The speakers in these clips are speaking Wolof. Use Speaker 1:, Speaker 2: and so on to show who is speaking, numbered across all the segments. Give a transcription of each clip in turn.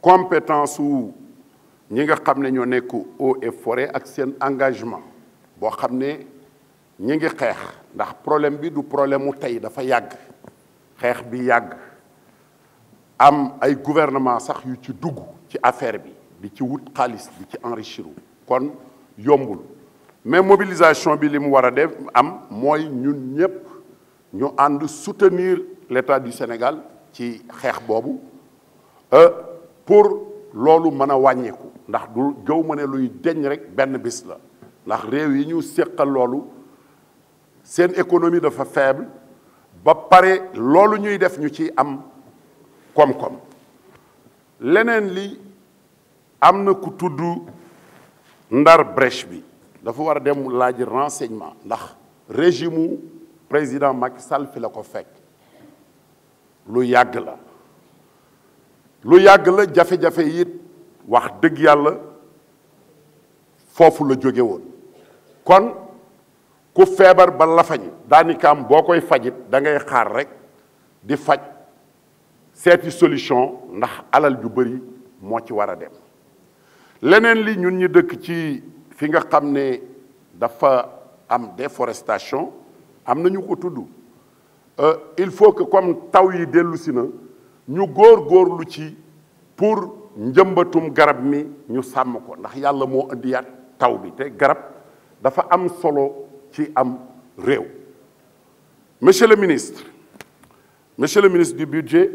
Speaker 1: compétence ou ñi nga xamné ne ñoo nekk eaux et forêt ak seen engagement bo xamné ñi ngi xex ndax problème bi du problème mu tay dafa yàgg xex bi yàgg am ay gouvernement sax yu ci dugg ci affaire bi di ci wut xaalis di ci enrichir kon yombul mais mobilisation bi limu wara def am moy ñun ñep ñu and soutenir l'État du Sénégal ci xex bobu euh pour l'olu qui est de ndax du jow ma luy deñ rek ben bis la ndax réew yi ñu sékkal lolu seen économie dafa faible ba pare l'olu ñuy def ñu ci am kom kom li am ku ndar brèche bi dafa dem renseignement ndax régime président Macky Sall fi la ko lu yàgg la jafe-jafe yi wax dëgg yàlla foofu la jóge woon kon ku feebar ba lafañ daanikaam boo koy fajit dangay xaar rek di faj seeti solution ndax alal ju bëri moo ci war a dem leneen li ñun ñi dëkk ci fi nga xam ne dafa am déforestation am nañu ko tudd euh, il faut que comme taw yi dellusi na ñu góor góorlu ci pour njëmbatum garab mi ñu sàmm ko ndax yàlla moo indiyaat taw bi te garab dafa am solo ci am réew monsieur le ministre monsieur le ministre du budget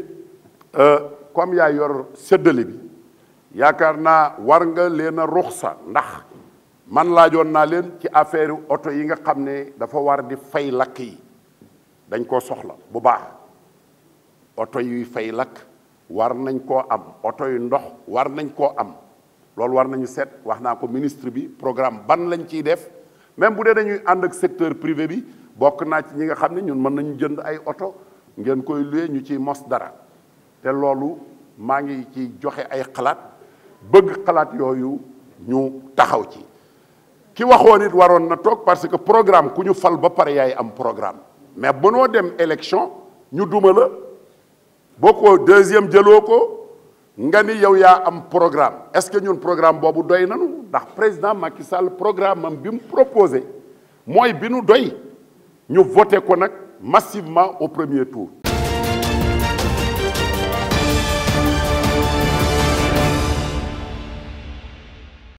Speaker 1: euh, comme yaa yor séddale bi yaakaar naa war nga leen a ruxsa ndax man laajoon naa leen ci affaire oto yi nga xam ne dafa war di fay lakk yi dañ koo soxla bu baax oto yuy fay lakk war nañ koo am oto yu ndox war nañ koo am loolu war nañu seet wax naa ko ministre bi programme ban lañ ciy def même bu dee dañuy ànd ak secteur privé bi bokk naa ci ñi nga xam ne ñun mën nañu jënd ay oto ngeen koy luye ñu ciy mos dara te loolu maa ngi ci joxe ay xalaat bëgg xalaat yooyu ñu taxaw ci ki waxoon it waroon na toog parce que programme ku ñu fal ba pare yaay am programme mais bu dem élection ñu duma la Boko deuxième jëloo ko nga yow ya am programme est-ce que ñun programme bobu doy nañu ndax président Macky Sall programme am bi proposé moy bi nu doy ñu voter ko massivement au premier tour